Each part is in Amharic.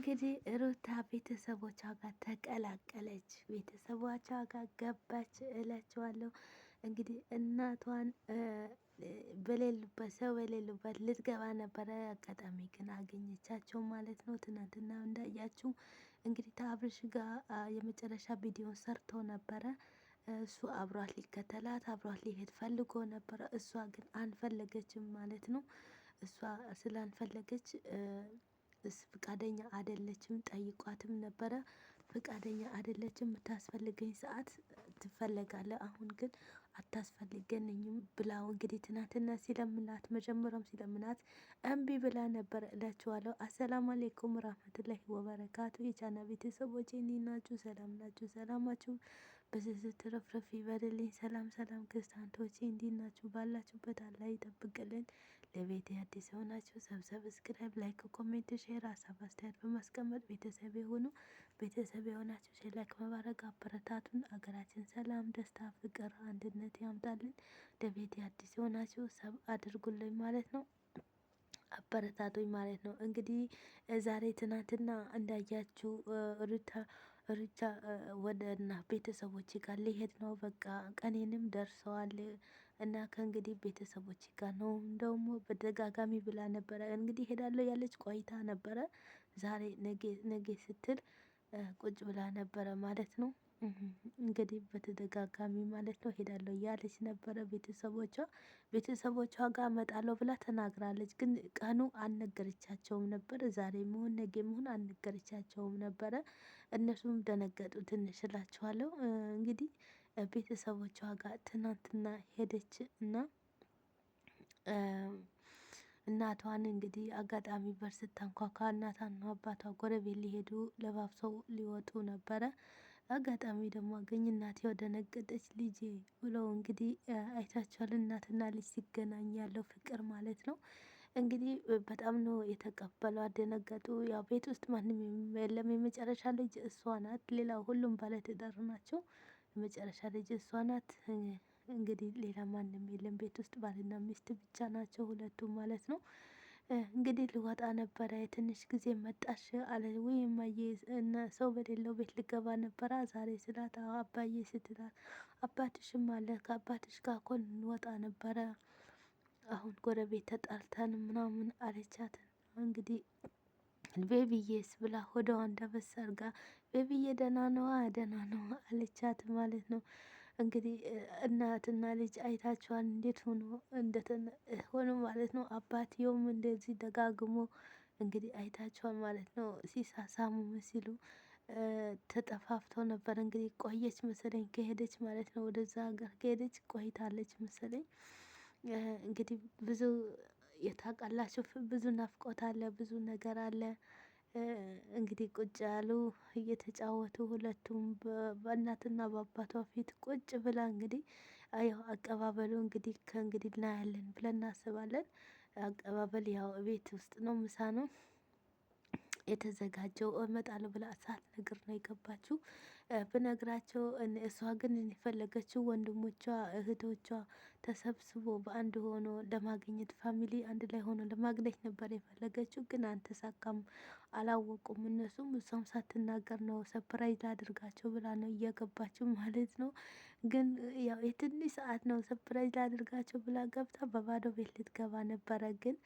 እንግዲህ ሩታ ቤተሰቦቿ ጋር ተቀላቀለች፣ ቤተሰቦቿ ጋር ገባች እላቸዋለሁ። እንግዲህ እናቷን በሌሉበት ሰው በሌሉበት ልትገባ ነበረ። አጋጣሚ ግን አገኘቻቸው ማለት ነው። ትናንትና እንዳያችሁ እንግዲህ ከአብርሽ ጋር የመጨረሻ ቪዲዮ ሰርቶ ነበረ። እሱ አብሯት ሊከተላት አብሯት ሊሄድ ፈልጎ ነበረ። እሷ ግን አንፈለገችም ማለት ነው። እሷ ስላልፈለገች ፍቃደኛ አደለችም ጠይቋትም ነበረ ፍቃደኛ አደለችም የምታስፈልገኝ ሰዓት ትፈለጋለ፣ አሁን ግን አታስፈልገንኝም ብላው እንግዲህ ትናንትና ሲለምናት መጀመሪያም ሲለምናት እምቢ ብላ ነበር እላችኋለሁ። አሰላሙ አሌይኩም ራህመቱላሂ ወበረካቱ። የቻና ቤተሰቦች እንዴት ሰላም ናችሁ? ሰላማችሁ በዝዝት ትረፍረፍ ይበልልኝ። ሰላም ሰላም ክርስቲያንቶች እንዲናችሁ ባላችሁበት አላህ ይጠብቅልን። ለቤት አዲስ የሆናችሁ ሰብሰብ ስክራይብ፣ ላይክ፣ ኮሜንት፣ ሼር፣ ሀሳብ አስተያየት በማስቀመጥ ቤተሰብ የሆኑ ቤተሰብ የሆናችሁ ሼር፣ ላይክ በማድረግ አበረታቱን። አገራችን ሰላም፣ ደስታ፣ ፍቅር፣ አንድነት ያምጣልን። ለቤት አዲስ የሆናችሁ ሰብ አድርጉልኝ ማለት ነው። አበረታቶኝ ማለት ነው። እንግዲህ ዛሬ ትናንትና እንዳያችሁ ሩታ ሩታ ወደ ቤተሰቦች ጋር ሊሄድ ነው። በቃ ቀኔንም ደርሰዋል። እና ከእንግዲህ ቤተሰቦች ጋር ነው ደግሞ በደጋጋሚ ብላ ነበረ። እንግዲህ ሄዳለሁ ያለች ቆይታ ነበረ። ዛሬ ነገ ስትል ቁጭ ብላ ነበረ ማለት ነው። እንግዲህ በተደጋጋሚ ማለት ነው ሄዳለሁ እያለች ነበረ። ቤተሰቦቿ ቤተሰቦቿ ጋር መጣለሁ ብላ ተናግራለች። ግን ቀኑ አልነገረቻቸውም ነበር። ዛሬ መሆን ነገ መሆን አልነገረቻቸውም ነበረ። እነሱም ደነገጡ ትንሽ እላችኋለሁ እንግዲህ ቤተሰቦቿ ጋር ትናንትና ሄደች እና እናቷን እንግዲህ አጋጣሚ በር ስታንኳኳ እናቷና አባቷ ጎረቤት ሊሄዱ ለባብሰው ሊወጡ ነበረ። አጋጣሚ ደግሞ አገኝ እናቴ ደነገጠች፣ ልጄ ብለው እንግዲህ አይታችኋል። እናትና ልጅ ሲገናኝ ያለው ፍቅር ማለት ነው። እንግዲህ በጣም ነው የተቀበሏ አደነገጡ። ያው ቤት ውስጥ ማንም የለም። የመጨረሻ ልጅ እሷ ናት። ሌላው ሁሉም ባለትዳር ናቸው። በመጨረሻ ልጅ እሷ ናት። እንግዲህ ሌላ ማንም የለም ቤት ውስጥ ባልና ሚስት ብቻ ናቸው ሁለቱም ማለት ነው። እንግዲህ ልወጣ ነበረ የትንሽ ጊዜ መጣሽ አለ ወይ እማዬ እና ሰው በሌለው ቤት ልገባ ነበረ ዛሬ ስላት አባዬ ስትላት አባትሽም አለ ከአባትሽ ጋር እኮ ነበረ አሁን ጎረቤት ተጣልተን ምናምን አለቻት እንግዲህ ቤቢዬስ ብላ ሆዳዋ እንደበሳ አድርጋ ቤቢዬ ደህና ነዋ ደህና ነው አለቻት ማለት ነው። እንግዲህ እናትና ልጅ አይታችኋል፣ እንዴት ሆኖ ሆኖ ማለት ነው። አባትየውም እንደዚህ ደጋግሞ እንግዲህ አይታችኋል ማለት ነው። ሲሳሳሙ ሲሉ ተጠፋፍተው ነበር። እንግዲህ ቆየች መሰለኝ ከሄደች ማለት ነው፣ ወደዛ ሀገር ከሄደች ቆይታለች መሰለኝ እንግዲህ ብዙ የታውቃላችሁ ብዙ ናፍቆት አለ፣ ብዙ ነገር አለ። እንግዲህ ቁጭ ያሉ እየተጫወቱ ሁለቱም በእናትና በአባቷ ፊት ቁጭ ብላ እንግዲህ ያው አቀባበሉ እንግዲህ ከእንግዲህ እናያለን ብለን እናስባለን። አቀባበል ያው ቤት ውስጥ ነው፣ ምሳ ነው የተዘጋጀው። እመጣለሁ ብላ ሳትነግር ነው የገባችው። ብነግራቸው እሷ ግን የፈለገችው ወንድሞቿ እህቶቿ ተሰብስቦ በአንድ ሆኖ ለማግኘት ፋሚሊ አንድ ላይ ሆኖ ለማግኘት ነበር የፈለገችው፣ ግን አልተሳካም። አላወቁም እነሱም እሷም ሳትናገር ነው ሰፕራይዝ አድርጋቸው ብላ ነው እየገባችው ማለት ነው። ግን ያው የትንሽ ሰዓት ነው ሰፕራይዝ አድርጋቸው ብላ ገብታ በባዶ ቤት ልትገባ ነበረ፣ ግን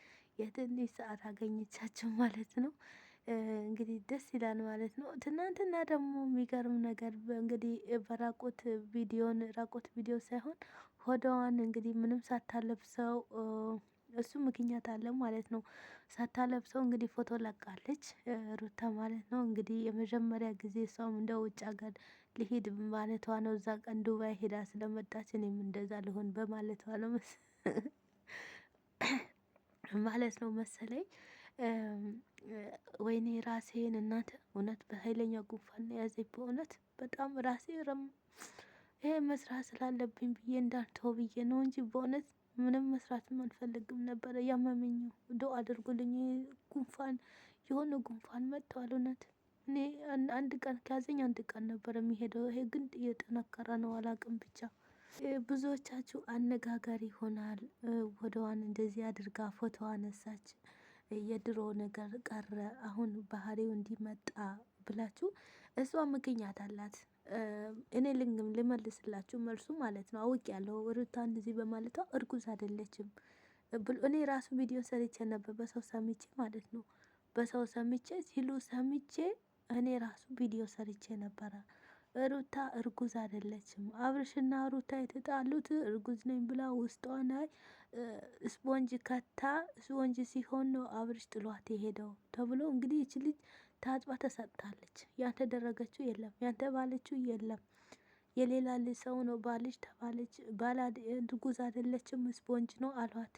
የትንሽ ሰዓት አገኘቻቸው ማለት ነው። እንግዲህ ደስ ይላል ማለት ነው። ትናንትና ደግሞ የሚገርም ነገር እንግዲህ በራቁት ቪዲዮን ራቁት ቪዲዮ ሳይሆን ሆደዋን እንግዲህ ምንም ሳታለብሰው እሱ ምክንያት አለ ማለት ነው። ሳታለብሰው እንግዲህ ፎቶ ለቃለች ሩታ ማለት ነው። እንግዲህ የመጀመሪያ ጊዜ ሰውም እንደ ውጭ ሀገር ሊሄድ ማለቷ ነው። እዛ ቀን ዱባይ ሄዳ ስለመጣች እኔም እንደዛ ልሆን በማለቷ ነው ማለት ነው መሰለኝ ወይኔ ራሴን እናት እውነት በኃይለኛ ጉንፋን የያዘኝ በእውነት በጣም ራሴ ረም ይሄ መስራት ስላለብኝ ብዬ እንዳልተው ብዬ ነው እንጂ በእውነት ምንም መስራትም አልፈልግም ነበረ። ያመመኝ ዶ አድርጉልኝ ጉንፋን የሆነ ጉንፋን መጥተዋል። እውነት እኔ አንድ ቀን ከያዘኝ አንድ ቀን ነበረ የሚሄደው። ይሄ ግን እየጠነከረ ነው አላቅም ብቻ ብዙዎቻችሁ አነጋጋሪ ይሆናል። ወደዋን እንደዚህ አድርጋ ፎቶ አነሳች የድሮ ነገር ቀረ አሁን ባህሪው እንዲመጣ ብላችሁ እሷ ምክንያት አላት። እኔ ልንግም ልመልስላችሁ መልሱ ማለት ነው። አውቅ ያለው ሩታ እንደዚህ በማለቷ እርጉዝ አይደለችም። እኔ ራሱ ቪዲዮ ሰርቼ ነበር በሰው ሰምቼ ማለት ነው። በሰው ሰምቼ ሲሉ ሰምቼ እኔ ራሱ ቪዲዮ ሰርቼ ነበረ ሩታ እርጉዝ አይደለችም። አብርሽና ሩታ የተጣሉት እርጉዝ ነኝ ብላ ውስጧ ላይ ስፖንጅ ከታ ስፖንጅ ሲሆን ነው አብርሽ ጥሏት የሄደው ተብሎ እንግዲህ ይች ልጅ ታጥባ ተሰጥታለች። ያልተደረገችው የለም፣ ያልተባለችው የለም። የሌላ ልጅ ሰው ነው ባልሽ ተባለች። ባል እርጉዝ አይደለችም ስፖንጅ ነው አሏት።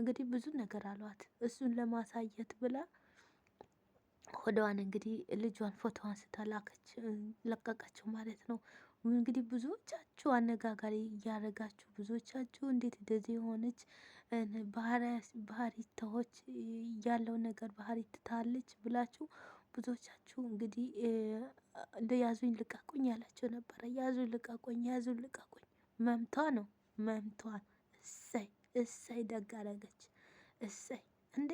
እንግዲህ ብዙ ነገር አሏት እሱን ለማሳየት ብላ ሆደዋን እንግዲህ ልጇን ፎቶዋን ስታላከች ለቀቀችው ማለት ነው። እንግዲህ ብዙዎቻችሁ አነጋጋሪ እያደረጋችሁ ብዙዎቻችሁ እንዴት እንደዚህ የሆነች ባህሪ ተዎች ያለው ነገር ባህሪ ትታለች ብላችሁ ብዙዎቻችሁ እንግዲህ እንደ ያዙኝ ልቀቁኝ ያላቸው ነበረ። ያዙኝ ልቀቁኝ፣ ያዙኝ ልቀቁኝ። መምቷ ነው መምቷ። እሰይ እሰይ፣ ደግ አደረገች። እሰይ እንዴ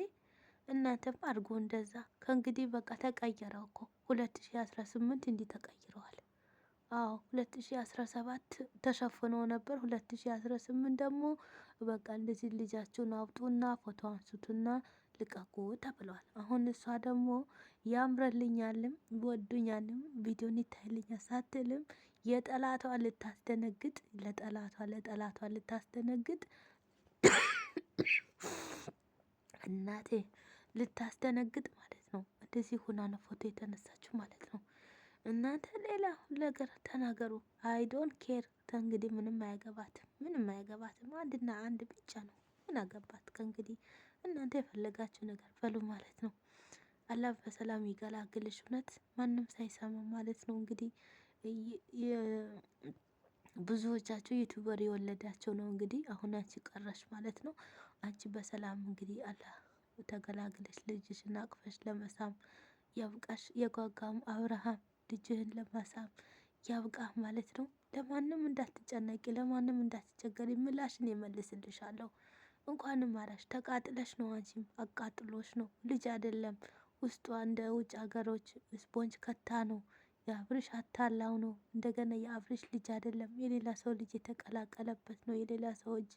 እናንተም አድርጎ እንደዛ። ከእንግዲህ በቃ ተቀየረ እኮ 2018 እንዲህ ተቀይረዋል። አዎ 2017 ተሸፍኖ ነበር። 2018 ደግሞ በቃ እንደዚህ ልጃችሁን አውጡና ፎቶ አንስቱና ልቀቁ ተብሏል። አሁን እሷ ደግሞ ያምረልኛልም ወዱኛልም ቪዲዮን ይታይልኛል ሳትልም የጠላቷ ልታስደነግጥ ለጠላቷ ለጠላቷ ልታስደነግጥ እናቴ ልታስደነግጥ ማለት ነው። እንደዚህ ሁና ነው ፎቶ የተነሳችው ማለት ነው። እናንተ ሌላ ነገር ተናገሩ። አይዶን ኬር ከእንግዲህ ምንም አያገባትም፣ ምንም አያገባትም። አንድና አንድ ብቻ ነው። ምን አገባት ከእንግዲህ። እናንተ የፈለጋችሁ ነገር በሉ ማለት ነው። አላህ በሰላም ይገላግልሽ። እውነት ማንም ሳይሰማ ማለት ነው። እንግዲህ ብዙዎቻቸው ዩቱበር የወለዳቸው ነው። እንግዲህ አሁን አንቺ ቀረሽ ማለት ነው። አንቺ በሰላም እንግዲህ አላህ ተገላግለሽ ልጅሽን አቅፈሽ ለመሳም ያብቃሽ። የጓጓም አብርሃም ልጅህን ለመሳም ያብቃ ማለት ነው። ለማንም እንዳትጨነቂ፣ ለማንም እንዳትቸገሪ ምላሽን አለው እንኳንም ማራሽ ተቃጥለሽ ነው፣ አንቺም አቃጥሎሽ ነው። ልጅ አይደለም ውስጧ እንደ ውጭ ሀገሮች ስፖንጅ ከታ ነው የአብርሽ አታላው ነው። እንደገና የአብርሽ ልጅ አይደለም የሌላ ሰው ልጅ የተቀላቀለበት ነው። የሌላ ሰው እጅ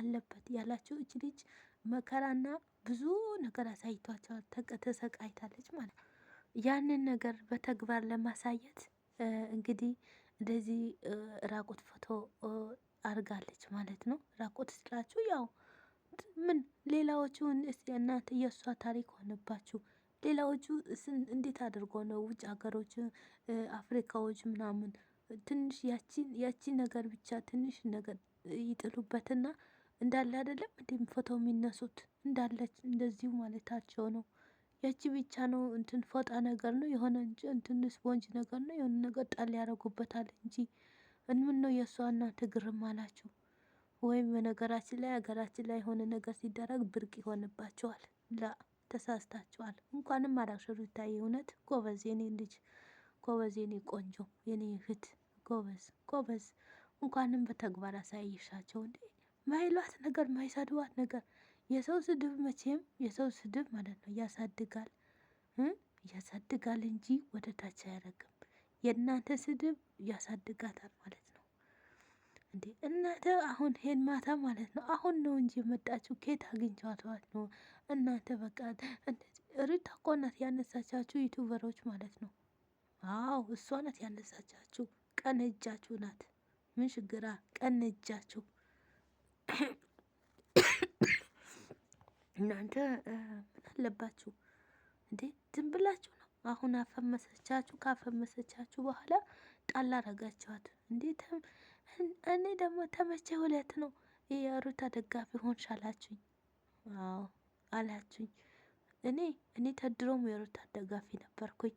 አለበት ያላችሁ እጅ ልጅ መከራና ብዙ ነገር አሳይቷቸዋል። ተሰቃይታለች ማለት ነው። ያንን ነገር በተግባር ለማሳየት እንግዲህ እንደዚህ ራቁት ፎቶ አርጋለች ማለት ነው። ራቁት ስላችሁ ያው ምን ሌላዎቹ እናንተ የእሷ ታሪክ ሆነባችሁ። ሌላዎቹ እንዴት አድርጎ ነው ውጭ ሀገሮች፣ አፍሪካዎች ምናምን ትንሽ ያቺን ነገር ብቻ ትንሽ ነገር ይጥሉበትና እንዳለ አይደለም እንዴም ፎቶ የሚነሱት እንዳለች እንደዚሁ ማለታቸው ነው። ያቺ ብቻ ነው እንትን ፎጣ ነገር ነው የሆነ እንጂ እንትን ስፖንጅ ነገር ነው የሆነ ነገር ጣል ያደርጉበታል እንጂ እንምን ነው የእሷ እናንተ ግርም አላችሁ ወይም በነገራችን ላይ ሀገራችን ላይ የሆነ ነገር ሲደረግ ብርቅ ይሆንባቸዋል። ላ ተሳስታቸዋል። እንኳንም አላሸሩ ይታይ እውነት ጎበዝ፣ የኔ ልጅ ጎበዝ፣ የኔ ቆንጆ፣ የኔ እህት ጎበዝ ጎበዝ። እንኳንም በተግባር አሳይሻቸው እንዴ ማይሏት ነገር ማይሳድቧት ነገር የሰው ስድብ መቼም የሰው ስድብ ማለት ነው ያሳድጋል ያሳድጋል እንጂ ወደ ታች አያረግም። የእናንተ ስድብ ያሳድጋታል ማለት ነው። እንዴ እናንተ አሁን ሄን ማታ ማለት ነው አሁን ነው እንጂ የመጣችው ኬት አግኝቻቷት ነው እናንተ በቃ ሪታ እኮ ናት ያነሳቻችሁ ዩቱበሮች ማለት ነው። አዎ እሷ ናት ያነሳቻችሁ። ቀን እጃችሁ ናት። ምን ሽግራ ቀን እጃችሁ እናንተ ምን አለባችሁ እንዴ? ዝም ብላችሁ ነው። አሁን አፈመሰቻችሁ። ካፈመሰቻችሁ በኋላ ጣል አረጋችኋት እንዴ? እኔ ደግሞ ተመቼ ሁለት ነው የሩታ ደጋፊ ሆንሽ አላችሁኝ። አዎ አላችሁኝ። እኔ እኔ ተድሮም የሩታ ደጋፊ ነበርኩኝ።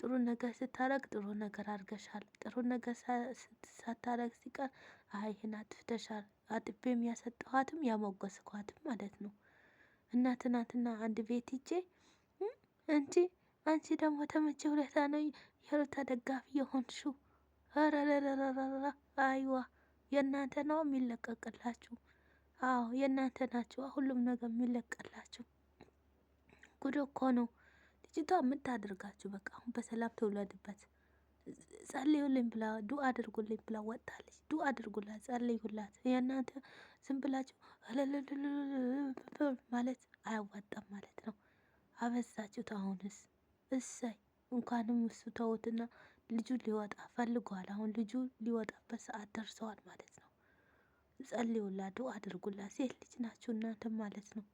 ጥሩ ነገር ስታረግ ጥሩ ነገር አድርገሻል፣ ጥሩ ነገር ሳታረግ ሲቀር አይ አጥፍተሻል፣ አጥቤም ያሰጠኋትም ያሞገስኳትም ማለት ነው። እና ትናንትና አንድ ቤት ሂጄ እንጂ አንቺ ደግሞ ተመቼ ሁለታ ነው የሩታ ደጋፊ የሆንሽው ረረረረረራ አይዋ የእናንተ ነው የሚለቀቅላችሁ። አዎ የእናንተ ናችሁ ሁሉም ነገር የሚለቀላችሁ። ጉድ እኮ ነው። ልጅቷ የምታደርጋችሁ በቃ አሁን በሰላም ትውለድበት። ጸልዩልኝ ብላ ዱ አድርጉልኝ ብላ ወጣለች። ዱ አድርጉላት፣ ጸልዩላት። የእናንተ ዝም ብላችሁ ማለት አያዋጣም ማለት ነው። አበዛችሁት። አሁንስ እሰይ እንኳንም እሱ ተውትና ልጁ ሊወጣ ፈልገዋል። አሁን ልጁ ሊወጣበት ሰዓት ደርሰዋል ማለት ነው። ጸልዩላት፣ ዱ አድርጉላት። ሴት ልጅ ናችሁ እናንተ ማለት ነው።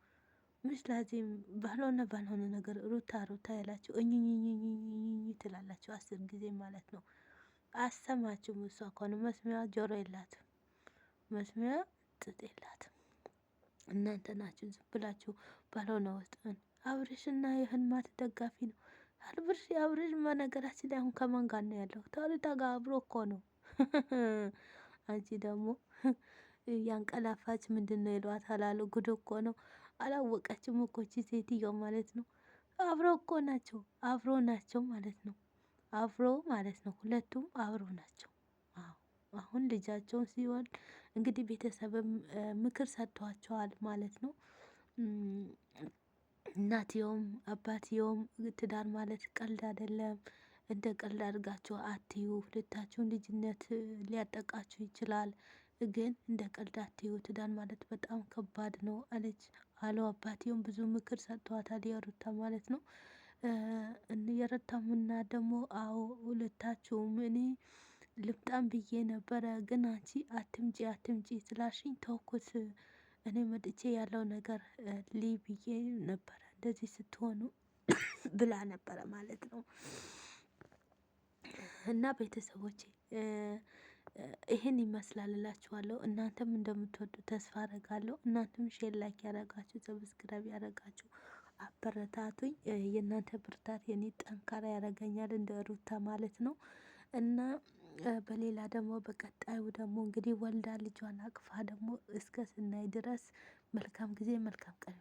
ምስላዚም ባልሆነ ባልሆነ ነገር ሩታ ሩታ ያላችሁ እኝኝኝኝኝኝ ትላላችሁ አስር ጊዜ ማለት ነው። አሰማችሁም። እሷ ከሆነ መስሚያ ጆሮ የላትም፣ መስሚያ ጥጥ የላትም። እናንተ ናችሁ ዝም ብላችሁ ባልሆነ ውስጥ አብርሽና የህልማት ደጋፊ ነው። አብርሽ አብርሽ በነገራችን ላይ አሁን ከማን ጋር ነው ያለው? ተሪታ ጋር አብሮ እኮ ነው። አንቺ ደግሞ ያንቀላፋች ምንድን ነው ይለዋታል አሉ። ጉድ እኮ ነው። አላወቀችም እኮ እቺ ሴትዮ ማለት ነው። አብሮ እኮ ናቸው፣ አብሮ ናቸው ማለት ነው። አብሮ ማለት ነው። ሁለቱም አብሮ ናቸው። አሁን ልጃቸውን ሲሆን እንግዲህ ቤተሰብም ምክር ሰጥቷቸዋል ማለት ነው። እናትየውም አባትየውም ትዳር ማለት ቀልድ አይደለም። እንደ ቀልድ አድርጋችሁ አትዩ። ሁለታችሁን ልጅነት ሊያጠቃችሁ ይችላል። ግን እንደ ቀልድ አትይው ትዳር ማለት በጣም ከባድ ነው አለች አለው። አባትየውም ብዙ ምክር ሰጥተዋታል የሩታ ማለት ነው። የሩታም እና ደግሞ አዎ ሁለታችሁም እኔ ልምጣም ብዬ ነበረ፣ ግን አንቺ አትምጪ አትምጪ ስላሽኝ ተውኩት። እኔ መጥቼ ያለው ነገር ሊ ብዬ ነበረ እንደዚህ ስትሆኑ ብላ ነበረ ማለት ነው እና ቤተሰቦቼ ይህን ይመስላልላችኋለሁ። እናንተም እንደምትወዱ ተስፋ አረጋለሁ። እናንተም ሼር ላይክ ያረጋችሁ ሰብስክራይብ ያረጋችሁ አበረታቱኝ። የእናንተ ብርታት የኔ ጠንካራ ያረገኛል እንደ ሩታ ማለት ነው እና በሌላ ደግሞ በቀጣዩ ደግሞ እንግዲህ ወልዳ ልጇን አቅፋ ደግሞ እስከ ስናይ ድረስ መልካም ጊዜ መልካም ቀን